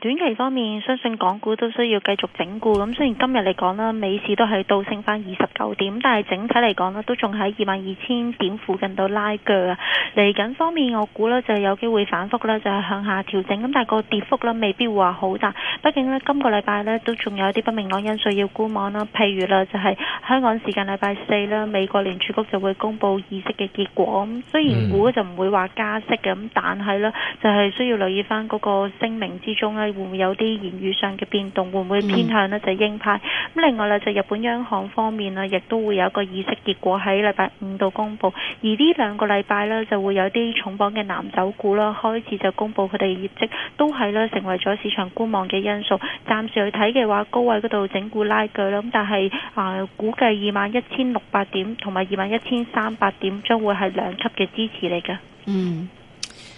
短期方面，相信港股都需要繼續整固。咁雖然今日嚟講啦，美市都係倒升翻二十九點，但係整體嚟講咧，都仲喺二萬二千點附近度拉鋸啊！嚟緊方面，我估咧就有機會反覆啦，就係向下調整。咁但係個跌幅咧，未必話好大。畢竟咧，今個禮拜咧都仲有啲不明朗因素要觀望啦。譬如啦，就係香港時間禮拜四啦，美國聯儲局就會公布議息嘅結果。咁雖然估就唔會話加息嘅，咁但係咧就係需要留意翻嗰個聲明之中咧，會唔會有啲言語上嘅變動，會唔會偏向呢就係鷹派。咁另外啦，就日本央行方面啦，亦都會有一個議息結果喺禮拜五度公布。而呢兩個禮拜咧就會有啲重磅嘅藍籌股啦，開始就公布佢哋嘅業績，都係咧成為咗市場觀望嘅因素。數暫時去睇嘅話，高位嗰度整固拉鋸啦。咁但係啊、呃，估計二萬一千六百點同埋二萬一千三百點將會係兩級嘅支持嚟嘅。嗯。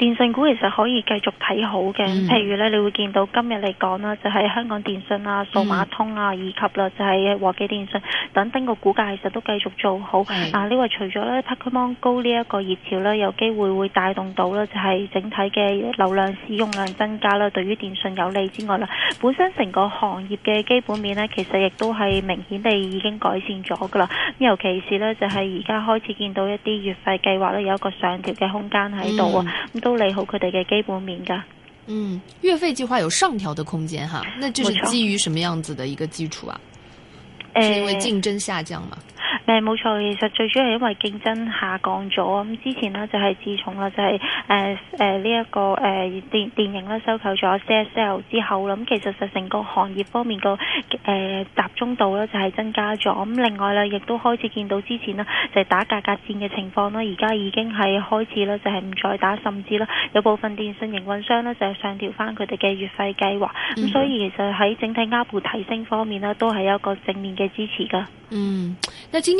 電信股其實可以繼續睇好嘅、嗯，譬如咧，你會見到今日嚟講啦，就係、是、香港電信啊、數碼通啊、嗯，以及啦就係和記電信等等，個股價其實都繼續做好。啊，呢個除咗咧 Pokemon Go 呢一個熱潮咧，有機會會帶動到咧就係整體嘅流量使用量增加啦，對於電信有利之外啦，本身成個行業嘅基本面咧，其實亦都係明顯地已經改善咗噶啦。尤其是咧，就係而家開始見到一啲月費計劃咧有一個上調嘅空間喺度啊。嗯都利好佢哋嘅基本面噶。嗯，月費計劃有上調嘅空間哈，那這是基於什麼樣子的一個基礎啊？是因為競爭下降嘛。誒，冇錯，其實最主要係因為競爭下降咗。咁之前呢，就係自從啦就係誒誒呢一個誒電電影咧收購咗 CSL 之後啦，咁其實實成個行業方面個誒集中度咧就係增加咗。咁另外咧亦都開始見到之前呢，就係打價格戰嘅情況咧，而家已經係開始啦，就係唔再打，甚至啦有部分電信營運商咧就係上調翻佢哋嘅月費計劃。咁、mm -hmm. 所以其實喺整體 ARPU 提升方面呢，都係有一個正面嘅支持噶。嗯、mm -hmm.，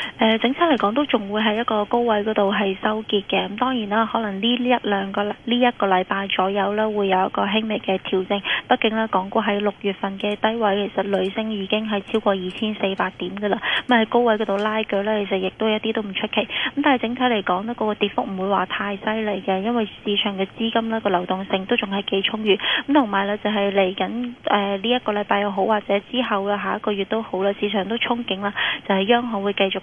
誒、呃，整體嚟講都仲會喺一個高位嗰度係收結嘅，咁當然啦，可能呢一兩個呢一,一個禮拜左右咧，會有一個輕微嘅調整。畢竟咧，港股喺六月份嘅低位，其實累升已經係超過二千四百點噶啦，咁喺高位嗰度拉鋸咧，其實亦都一啲都唔出奇。咁但係整體嚟講呢個、嗰個跌幅唔會話太犀利嘅，因為市場嘅資金呢、嗰個流動性都仲係幾充裕。咁同埋咧就係嚟緊誒呢一個禮拜又好，或者之後嘅下一個月都好啦，市場都憧憬啦，就係、是、央行會繼續。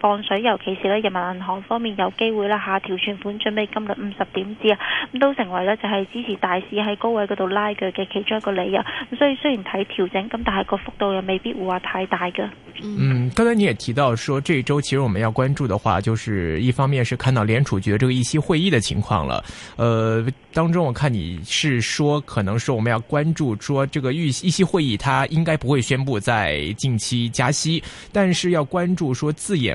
放水，尤其是咧，人民銀行方面有機會啦，下調存款準備金率五十點子啊，咁都成為咧就係支持大市喺高位嗰度拉鋸嘅其中一個理由。咁所以雖然睇調整咁，但係個幅度又未必會話太大嘅。嗯，剛才你也提到說，這周其實我們要關注的話，就是一方面是看到聯儲局這個議息會議的情況啦。呃，當中我看你是說，可能說我們要關注說，這個預議息會議，它應該不會宣布在近期加息，但是要關注說字眼。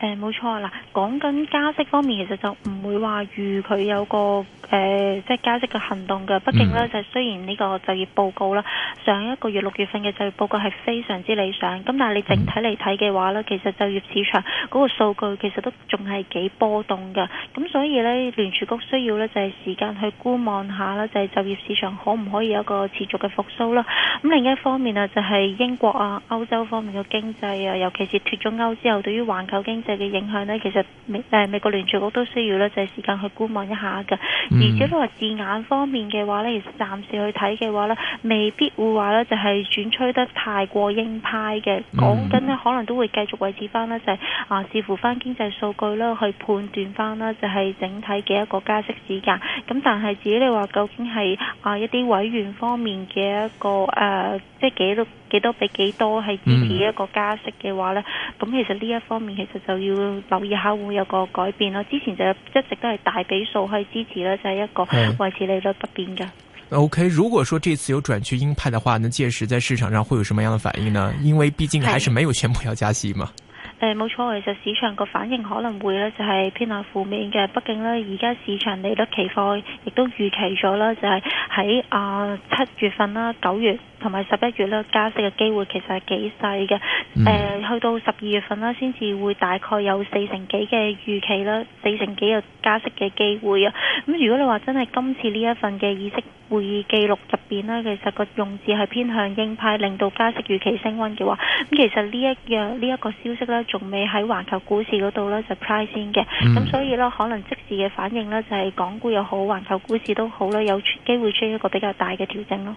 誒，冇錯啦。講緊加息方面，其實就唔會話預佢有個誒，即係加息嘅行動嘅。畢竟咧，就、mm. 雖然呢個就業報告啦，上一個月六月份嘅就業報告係非常之理想。咁但係你整體嚟睇嘅話咧，其實就業市場嗰個數據其實都仲係幾波動嘅。咁所以咧，聯儲局需要咧就係時間去觀望下啦，就係就業市場可唔可以有一個持續嘅復蘇啦。咁另一方面啊，就係英國啊、歐洲方面嘅經濟啊，尤其是脫咗歐之後，對於環球經濟嘅影響呢，其實美誒、呃、美國聯儲局都需要呢，就係、是、時間去觀望一下嘅。而且都話、mm. 字眼方面嘅話咧，暫時去睇嘅話呢，未必會話呢，就係轉趨得太過鷹派嘅。講緊呢，可能都會繼續維持翻呢，就係、是、啊、呃、視乎翻經濟數據啦，去判斷翻啦，就係、是、整體嘅一個加息時間。咁但係至於你話究竟係啊、呃、一啲委員方面嘅一個誒、呃，即係記錄，幾多比幾多係支持一個加息嘅話呢？咁、嗯、其實呢一方面其實就要留意下會有個改變咯。之前就一直都係大比數去支持啦，就係一個維持利率不變嘅。嗯、o、okay, K，如果說這次有轉去鷹派嘅話，那屆時在市場上會有什麼樣的反應呢？因為畢竟還是沒有宣布要加息嘛。誒、嗯，冇、嗯、錯，其實市場個反應可能會呢，就係偏向負面嘅，畢竟呢，而家市場利率期貨亦都預期咗啦，就係喺啊七月份啦九月。同埋十一月加息嘅機會其實係幾細嘅，去到十二月份啦，先至會大概有四成幾嘅預期啦，四成幾嘅加息嘅機會啊。咁如果你話真係今次呢一份嘅議息會議記錄入面呢，其實個用字係偏向鷹派，令到加息預期升溫嘅話，咁其實呢一樣呢一個消息呢，仲未喺環球股市嗰度呢就 price 先嘅。咁、嗯、所以呢，可能即時嘅反應呢，就係、是、港股又好，環球股市都好啦，有機會出現一個比較大嘅調整咯。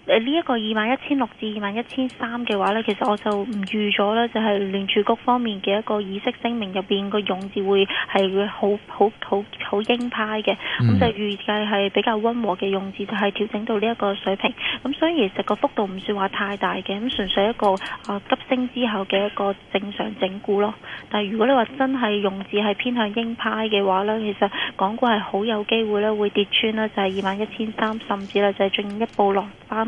呢、這、一個二萬一千六至二萬一千三嘅話呢，其實我就唔預咗呢就係聯儲局方面嘅一個議息聲明入邊個用字會係會好好好好鷹派嘅，咁、嗯、就預計係比較溫和嘅用字，就係調整到呢一個水平。咁所以其實個幅度唔算話太大嘅，咁純粹一個、啊、急升之後嘅一個正常整固咯。但係如果你話真係用字係偏向鷹派嘅話呢，其實港股係好有機會咧，會，會跌穿啦，就係二萬一千三，甚至咧就進一步落翻。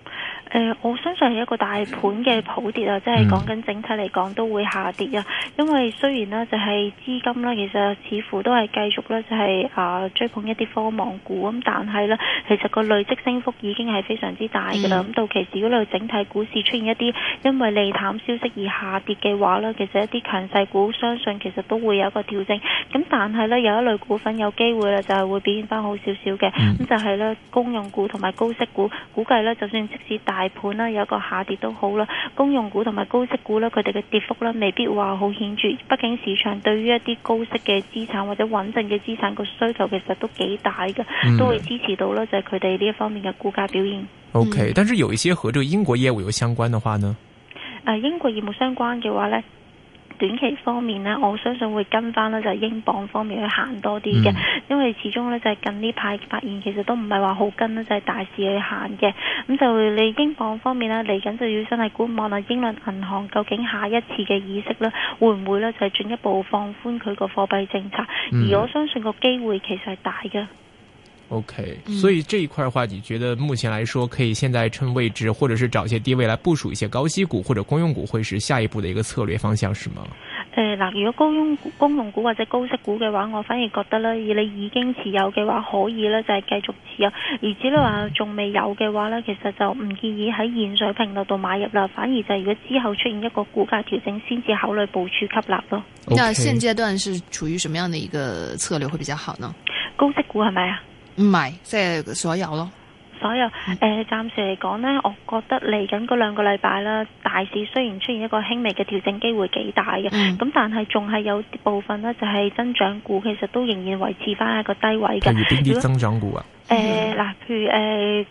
誒、呃，我相信係一個大盤嘅普跌啊，即係講緊整體嚟講都會下跌啊。因為雖然呢，就係資金啦，其實似乎都係繼續咧就係、是、啊、呃、追捧一啲科網股咁，但係呢，其實個累積升幅已經係非常之大噶啦。咁、嗯、到其時嗰類整體股市出現一啲因為利淡消息而下跌嘅話呢，其實一啲強勢股相信其實都會有一個調整。咁但係呢，有一類股份有機會呢，嗯、就係會表現翻好少少嘅，咁就係呢，公用股同埋高息股，估計呢就算即使大。大盤啦，有一個下跌都好啦。公用股同埋高息股啦，佢哋嘅跌幅啦，未必話好顯著。畢竟市場對於一啲高息嘅資產或者穩陣嘅資產個需求，其實都幾大嘅、嗯，都會支持到啦，就係佢哋呢一方面嘅股價表現。OK，但是有一些和這英國業務有相關嘅話呢？誒、嗯啊，英國業務相關嘅話呢。短期方面呢，我相信會跟翻呢就係英鎊方面去行多啲嘅、嗯，因為始終呢就係近呢排發現，其實都唔係話好跟呢就係、是、大市去行嘅。咁就你英鎊方面呢嚟緊就要真係觀望啦，英倫銀行究竟下一次嘅議息呢會唔會呢就係進一步放寬佢個貨幣政策、嗯？而我相信個機會其實係大嘅。O、okay, K，所以這一塊的話，你覺得目前來說，可以現在趁位置，或者是找一些低位來部署一些高息股或者公用股，會是下一步的一個策略方向，是嗎？誒、呃、嗱，如果公用、公用股或者高息股嘅話，我反而覺得呢，以你已經持有嘅話，可以呢就係、是、繼續持有；而如果你話仲未有嘅話呢，其實就唔建議喺現水平嗰度買入啦，反而就係如果之後出現一個股價調整，先至考慮部署吸納咯。Okay. 那現階段是處於什麼樣的一個策略會比較好呢？高息股係咪啊？唔係，即係所有咯。所有誒，暫時嚟講咧，我覺得嚟緊嗰兩個禮拜啦，大市雖然出現一個輕微嘅調整機會挺的，幾大嘅。咁但係仲係有部分咧，就係增長股，其實都仍然維持翻一個低位嘅。譬如邊啲增長股啊？誒，嗱、呃，譬如誒。呃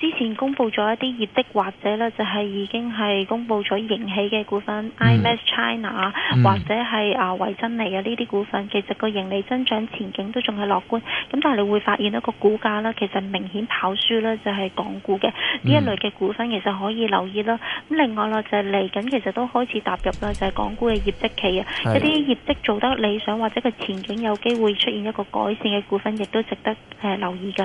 之前公布咗一啲業績，或者咧就係已經係公布咗盈喜嘅股份、嗯、iMax China 或者係啊維珍妮啊呢啲股份，嗯、其實個盈利增長前景都仲係樂觀。咁但係你會發現一個股價咧，其實明顯跑輸咧，就係港股嘅呢、嗯、一類嘅股份，其實可以留意啦。咁另外啦，就係嚟緊，其實都開始踏入啦，就係港股嘅業績期啊。一啲業績做得理想或者個前景有機會出現一個改善嘅股份，亦都值得誒、呃、留意噶。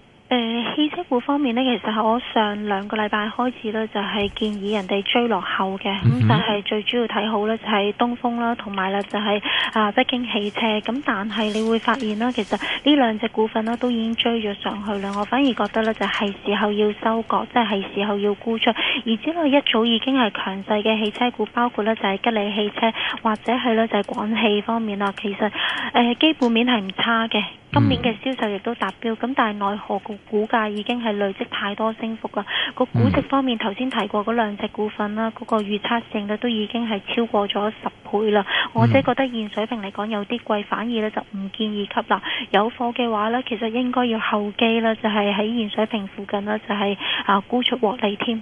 誒、呃，汽車股方面呢，其實我上兩個禮拜開始呢，就係、是、建議人哋追落後嘅，咁但係最主要睇好呢，就係、是、東風啦，同埋啦就係、是、啊北京汽車，咁但係你會發現啦，其實呢兩隻股份啦，都已經追咗上去啦，我反而覺得呢，就係、是、時候要收割，即、就、係、是、時候要沽出，而之內一早已經係強勢嘅汽車股，包括呢，就係、是、吉利汽車或者係呢，就係、是、廣汽方面啦，其實、呃、基本面係唔差嘅。今年嘅銷售亦都達標，咁但係奈何個股價已經係累積太多升幅噶，個估值方面頭先提過嗰兩隻股份啦，嗰個預測性咧都已經係超過咗十倍啦。我即係覺得現水平嚟講有啲貴，反而咧就唔建議吸啦。有貨嘅話呢，其實應該要後機啦，就係、是、喺現水平附近啦，就係啊沽出獲利添。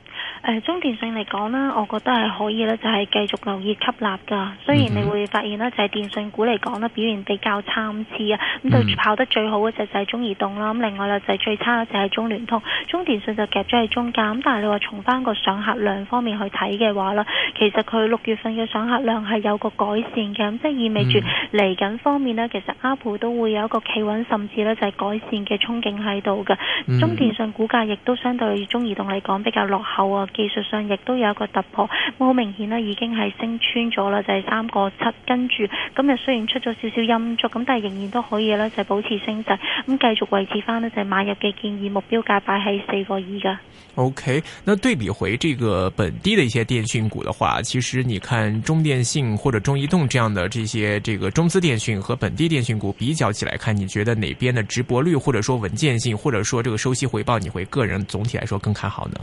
誒，中電信嚟講啦，我覺得係可以咧，就係繼續留意吸納噶。雖然你會發現咧，就係電信股嚟講咧表現比較參差啊。咁就跑得最好嘅就係中移動啦。咁另外啦就係最差嘅就係中聯通。中電信就夾咗喺中間。咁但係你話從翻個上客量方面去睇嘅話啦，其實佢六月份嘅上客量係有個改善嘅。咁即係意味住嚟緊方面咧，其實阿普都會有一個企穩甚至咧就係改善嘅憧憬喺度嘅。中電信股價亦都相對中移動嚟講比較落後啊。技術上亦都有一個突破，好明顯已經係升穿咗啦，就係三個七，跟住咁又雖然出咗少少陰燭，咁但係仍然都可以咧，就保持升勢，咁繼續維持翻呢，就買入嘅建議，目標價擺喺四個二噶。OK，那對比回這個本地的一些電訊股的話，其實你看中電信或者中移動這樣的這些這個中資電訊和本地電訊股比較起來看，你覺得哪邊的值博率，或者說穩健性，或者說這個收息回報，你會個人總體來說更看好呢？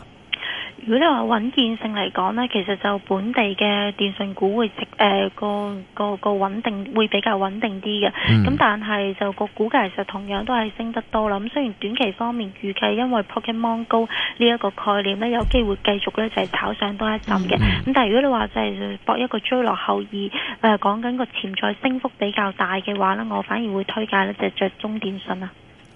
如果你話穩健性嚟講呢，其實就本地嘅電信股會值誒、呃、個個個穩定會比較穩定啲嘅，咁、mm. 但係就個股價其實同樣都係升得多啦。咁、嗯、雖然短期方面預計因為 Pokemon Go 呢一個概念機呢，有機會繼續呢就係、是、炒上多一浸嘅，咁、mm. 但係如果你話就係搏一個追落後而誒講緊個潛在升幅比較大嘅話呢，我反而會推介呢就着、是、中電信啊。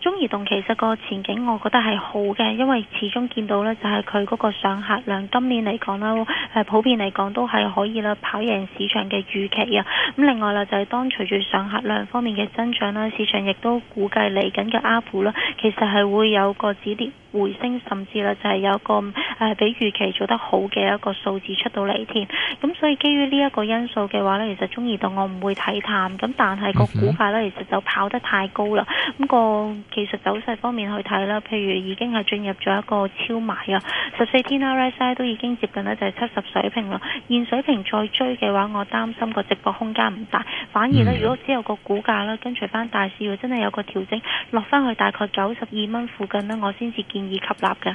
中移動其實個前景我覺得係好嘅，因為始終見到呢就係佢嗰個上客量今年嚟講呢，誒普遍嚟講都係可以啦，跑贏市場嘅預期啊。咁另外啦，就係當隨住，上客量方面嘅增長啦，市場亦都估計嚟緊嘅 ARPU 啦，其實係會有個止跌回升，甚至啦就係有個誒比預期做得好嘅一個數字出到嚟添。咁所以基於呢一個因素嘅話呢，其實中移動我唔會睇淡，咁但係個股價呢，其實就跑得太高啦，咁、那個。其實走勢方面去睇啦，譬如已經係進入咗一個超買啊，十四天 RSI 都已經接近呢，就係七十水平啦。現水平再追嘅話，我擔心個直播空間唔大，反而呢，如果只有個股價啦，跟隨翻大市真的，真係有個調整落翻去大概九十二蚊附近咧，我先至建議吸納嘅。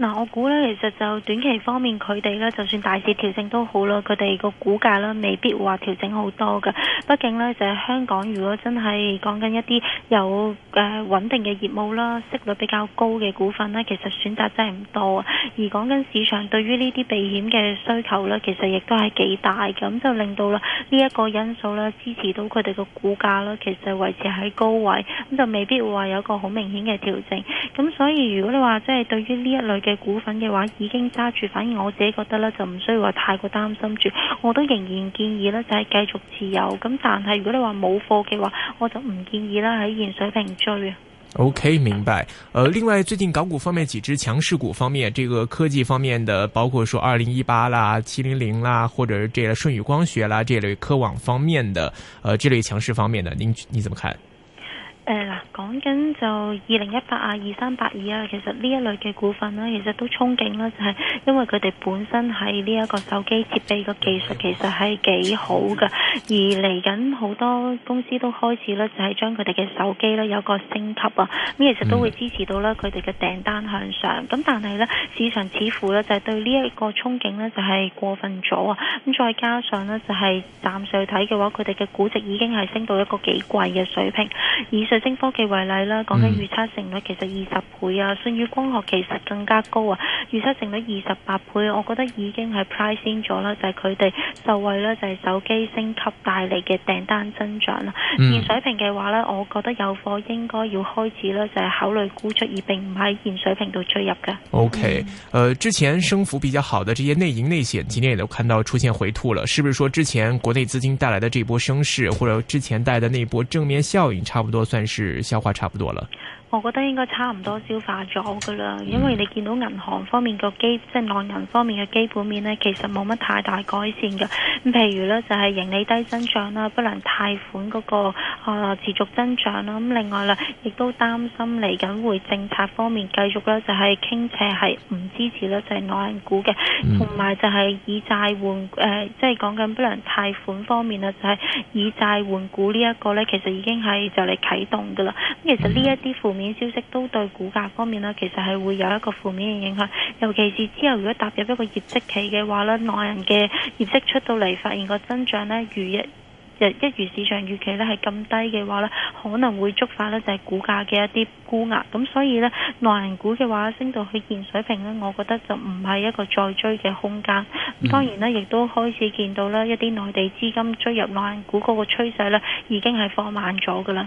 嗱、啊，我估咧，其實就短期方面，佢哋咧，就算大市調整都好啦，佢哋個股價咧，未必話調整好多嘅。畢竟咧，就係、是、香港，如果真係講緊一啲有誒、啊、穩定嘅業務啦、息率比較高嘅股份咧，其實選擇真係唔多啊。而講緊市場對於呢啲避險嘅需求咧，其實亦都係幾大，咁就令到啦呢一個因素咧，支持到佢哋個股價啦，其實維持喺高位，咁就未必話有一個好明顯嘅調整。咁所以如果你話即係對於呢一類，嘅股份嘅話已經揸住。反而我自己覺得咧就唔需要話太過擔心住，我都仍然建議咧就係、是、繼續持有。咁但係如果你話冇貨嘅話，我就唔建議啦喺現水平追啊。OK 明白。呃，另外最近港股方面幾支強勢股方面，這個科技方面的，包括說二零一八啦、七零零啦，或者這個順宇光學啦，這類科網方面的，呃，這類強勢方面的，您，你怎麼看？誒嗱，講緊就二零一八啊，二三八二啊，其實呢一類嘅股份呢、啊，其實都憧憬啦，就係、是、因為佢哋本身係呢一個手機設備嘅技術，其實係幾好噶而嚟緊好多公司都開始呢，就係、是、將佢哋嘅手機呢有個升級啊，咁其實都會支持到呢佢哋嘅訂單向上。咁但係呢市場似乎呢，就係對呢一個憧憬呢，就係過分咗啊。咁再加上呢，就係暫時睇嘅話，佢哋嘅估值已經係升到一個幾貴嘅水平，以上。升科技為例啦，講緊預測成率其實二十倍啊，舜宇光學其實更加高啊，預測成率二十八倍，我覺得已經係 price 先咗啦，就係佢哋受惠咧就係、是、手機升級帶嚟嘅訂單增長啦。嗯、現水平嘅話咧，我覺得有貨應該要開始啦，就係考慮沽出，而並唔喺現水平度追入嘅。O K，誒，之前升幅比較好的這些內營內險，今天也都看到出現回吐了，是不是說之前國內資金帶來的這波升勢，或者之前帶的那波正面效應，差不多算是？是消化差不多了，我覺得應該差唔多消化咗㗎喇，因為你見到銀行方面個基，即係內銀方面嘅基本面呢，其實冇乜太大改善嘅。咁譬如呢，就係盈利低增長啦，不良貸款嗰、那個、呃、持續增長啦。咁另外啦，亦都擔心嚟緊會政策方面繼續呢、嗯呃，就係傾斜係唔支持呢就係內銀股嘅，同埋就係以債換誒，即係講緊不良貸款方面呢，就係以債換股呢一個呢，其實已經係就嚟啟。動噶啦，咁其實呢一啲負面消息都對股價方面啦，其實係會有一個負面嘅影響。尤其是之後如果踏入一個業績期嘅話呢，內人嘅業績出到嚟，發現個增長呢如一日一如市場預期呢係咁低嘅話呢，可能會觸發呢就係股價嘅一啲估壓。咁所以呢，內人股嘅話升到去現水平呢，我覺得就唔係一個再追嘅空間。當然呢，亦都開始見到呢一啲內地資金追入內人股嗰個趨勢呢，已經係放慢咗㗎喇。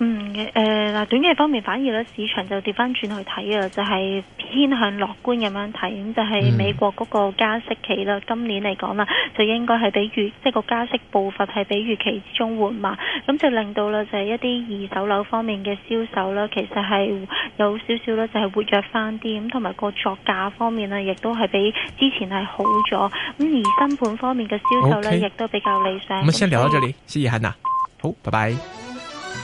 嗯誒，嗱、呃，短期方面反而咧，市場就跌翻轉去睇啊，就係、是、偏向樂觀咁樣睇，咁就係、是、美國嗰個加息期啦。今年嚟講啦，就應該係比預，即、就、係、是、個加息步伐係比預期之中緩慢，咁就令到啦就係、是、一啲二手樓方面嘅銷售啦，其實係有少少咧就係活躍翻啲，咁同埋個作價方面呢，亦都係比之前係好咗。咁而新盤方面嘅銷售咧，okay. 亦都比較理想。我們先聊到這裏，謝謝 Hannah，好，拜拜。